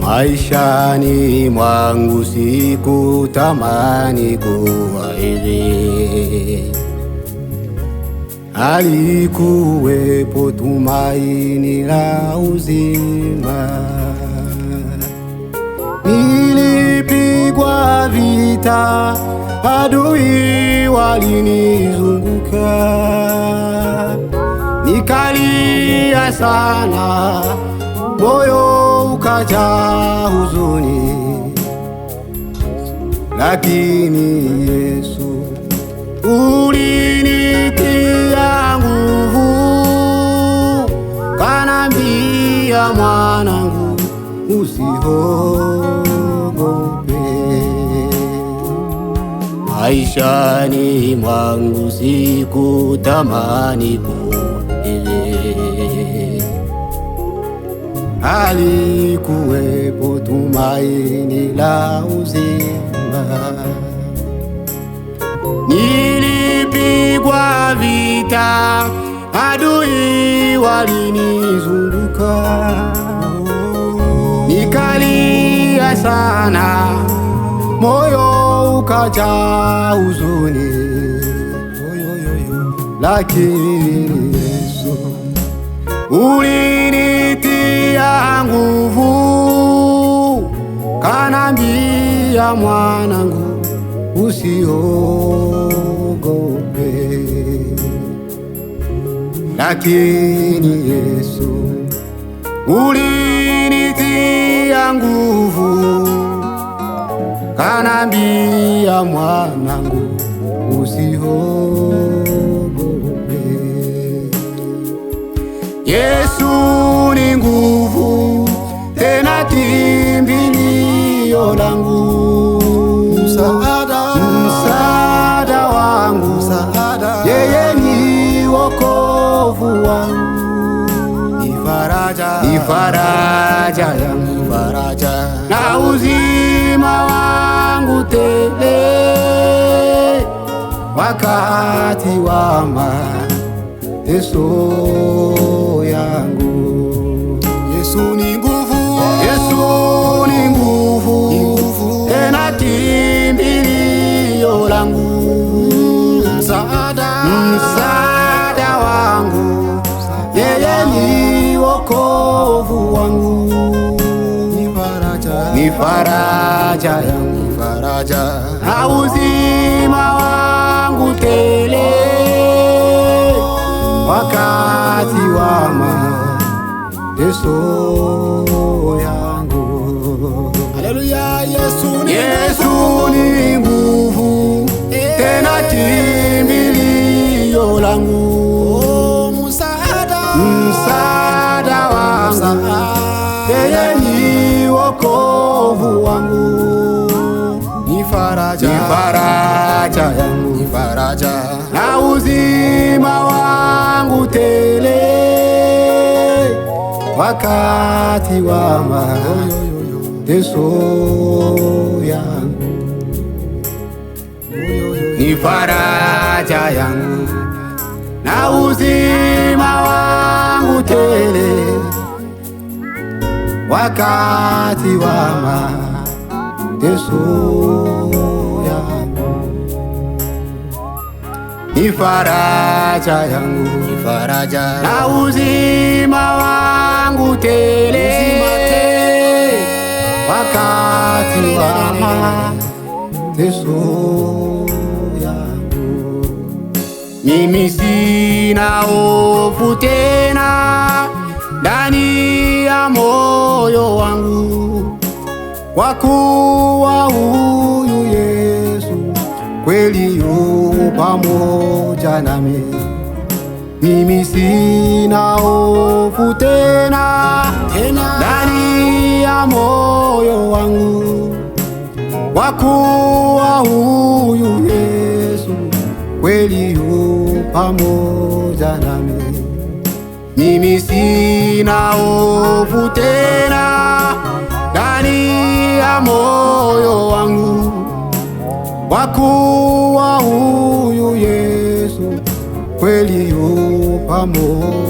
Maishani mwangu sikutamani kuwa hivi, alikuwepo tumaini la uzima vita, adui walinizunguka, nikalia sana, moyo ukajaa huzuni, lakini Yesu ulinitia nguvu, kanambia mwanangu, usiho maishani mwangu sikutamani kupotele, alikuwepo tumaini la uzima. Nilipigwa vita, adui walinizunguka, nikalia sana moyo ukajaa huzuni, lakini Yesu ulinitia nguvu, kanambia mwanangu, usiogope. Lakini Yesu ulinitia nguvu anambia mwanangu, usiogope. Yesu ni nguvu tena kimbilio langu, msaada, wangu, Yeye ni wokovu wangu, ni yangu wakati wa mateso yangu. Yesu ni nguvu, Yesu ni nguvu, tena kimbilio langu, msaada, msaada wangu, yeye ni wokovu wangu, ni faraja yangu, faraja na uzima wangu Makutele wakati wa mateso yangu. Haleluya, Yesu ni Yesu ni nguvu eh. tena kimbilio langu uzima wangu tele, wakati wa mateso yangu ni faraja yangu na uzima wangu tele, wakati wa mateso ni faraja yangu, ni faraja na uzima wangu tele, wakati wa mateso yangu mimi sina hofu tena ndani ya moyo wangu kwa kuwa huyu Yesu kweli yu pamoja nami, mimi sina hofu tena, ndani ya moyo wangu kwa kuwa huyu Yesu kweli yu pamoja nami, mimi sina hofu tena ndani wakuwa wa huyu Yesu kweli yu pamoja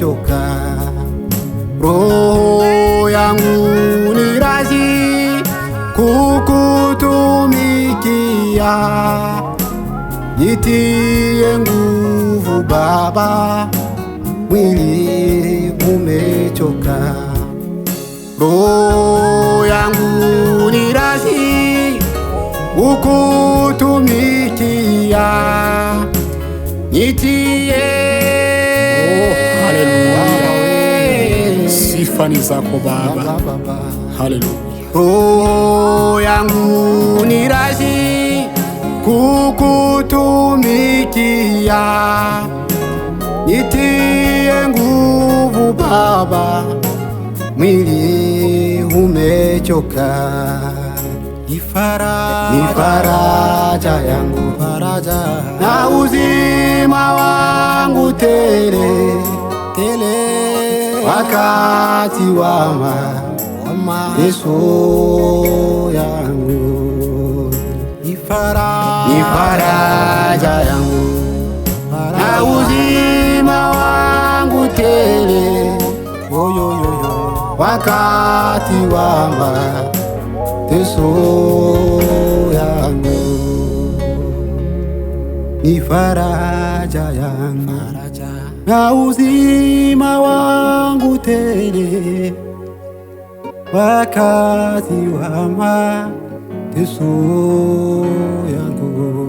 choka, roho yangu ni razi kukutumikia. Nitie nguvu Baba, mwili umechoka, roho yangu ni razi kukutumikia. Nitie shukrani zako Baba. Haleluya. Roho yangu ni radhi kukutumikia, nitie nguvu Baba, mwili umechoka, ni faraja yangu, faraja na uzima wangu tele wakati wa mateso yangu ni faraja yangu na uzima wangu tele wakati wa mateso yangu ni faraja yangu na uzima tene wakati wa ma teso yangu